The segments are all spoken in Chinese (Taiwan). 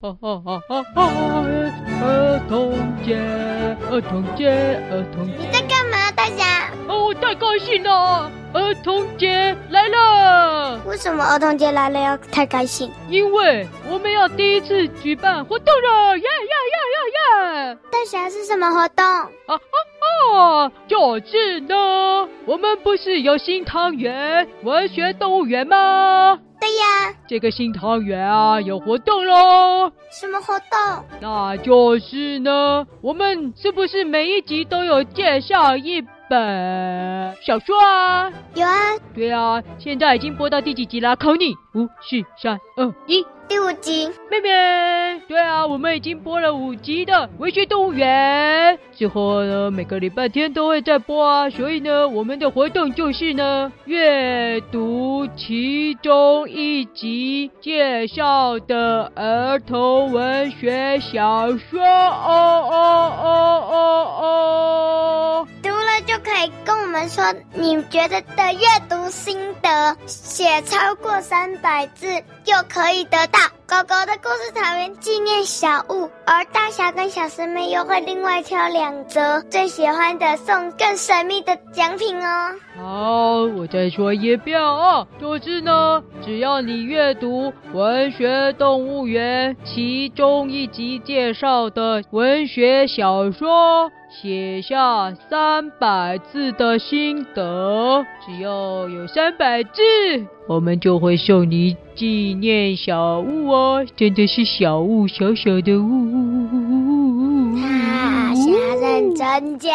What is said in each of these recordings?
哦哦哦哦，兒童節，兒、啊、童節，兒、啊、童節！你在幹嘛，大俠？哦，我太高興了！兒、啊、童、啊、節來了！為什麼兒、哦、童節來了要太開心？因為我們要第一次舉辦活動了！耶耶耶！大俠是什麼活動啊？啊啊，就是呢。我們不是有新單元文學動物園嗎？對呀。這個新單元啊，有活動嘍。什麼活動？那就是呢。我們是不是每一集都有介紹一本小說啊？有啊。對啊，現在已經播到第幾集了？考你，五、四、三、二、一。第五集，妹妹。對啊，我們已經播了五集的《文學動物園》，之後呢，每個禮拜天都會再播啊。所以呢，我們的活動就是呢，閱讀其中一集介紹的兒童文學小說。哦哦哦哦哦哦。就可以跟我們說你覺得的閱讀心得，寫超過三百字就可以得到狗狗的故事草原紀念小物，而大俠跟小獅妹又會另外挑兩則最喜歡的送更神秘的獎品哦。好，我再說一遍啊，就是呢，只要你閱讀《文學動物園》其中一集介紹的文學小說。寫下三百字的心得，只要有三百字，我們就會送你紀念小物哦，真的是小物，小小的物物物物物。那先認真講，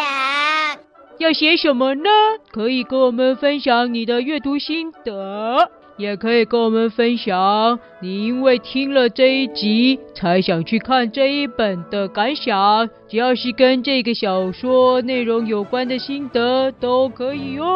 要寫什麼呢？可以跟我們分享你的閱讀心得。也可以跟我們分享你因為聽了這一集才想去看這一本的感想，只要是跟這個小說內容有關的心得都可以哦。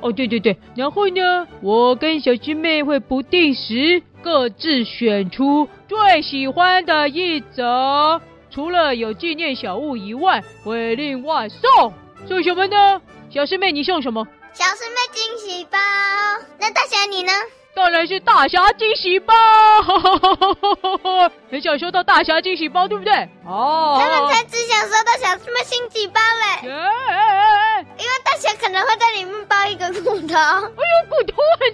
哦，對對對，然後呢，我跟小獅妹會不定時各自選出最喜歡的一則，除了有紀念小物以外，會另外送送什麼呢？小獅妹，你送什麼？小獅妹驚喜包，那大俠你呢？當然是大俠驚喜包， 很想收到大俠驚喜包，對不對？哦，他們才只想收到小獅妹驚喜包嘞，欸欸欸欸，因為大俠可能會在裡面包一個骨頭。哎呦，骨頭很。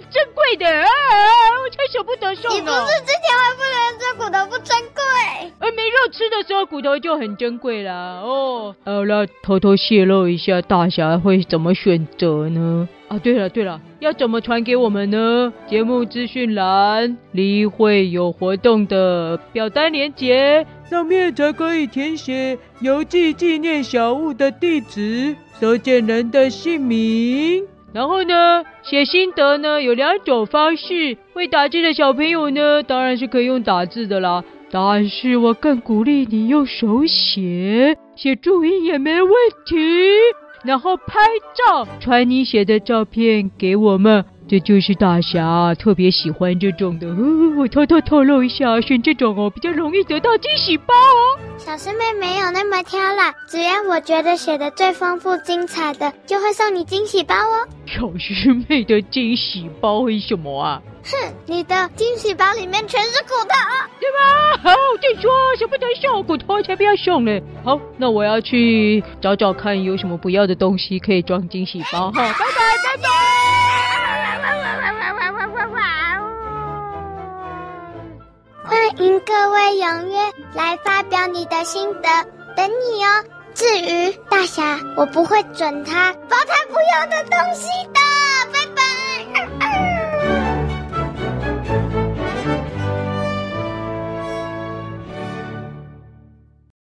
就很珍貴了哦。好了，那偷偷泄露一下，大俠會怎麼選擇呢？啊，對了對了，要怎麼傳給我們呢？節目資訊欄裡會有活動的表單連結，上面才可以填寫郵寄紀、紀念小物的地址、收件人的姓名。然後呢，寫心得呢，有兩種方式，會打字的小朋友呢，當然是可以用打字的啦。但是我更鼓勵你用手寫，寫注音也沒問題，然後拍照傳你寫的照片給我們。這就是大俠、啊、特別喜歡這種的、哦，我偷偷透露一下，選這種哦，比較容易得到驚喜包、哦。小師妹沒有那麼挑啦，只要我覺得寫的最豐富精彩的，就會送你驚喜包哦。小師妹的驚喜包是什麼啊？哼，你的驚喜包裡面全是骨頭，對吧？好，再說，捨不得送，骨頭才不要送呢。好，那我要去找找看有什麼不要的東西可以裝驚喜包、哦。拜拜、哎。哎哎哎哎來發表你的心得，等你哦。至於，大俠，我不會准他，保他不要的東西的。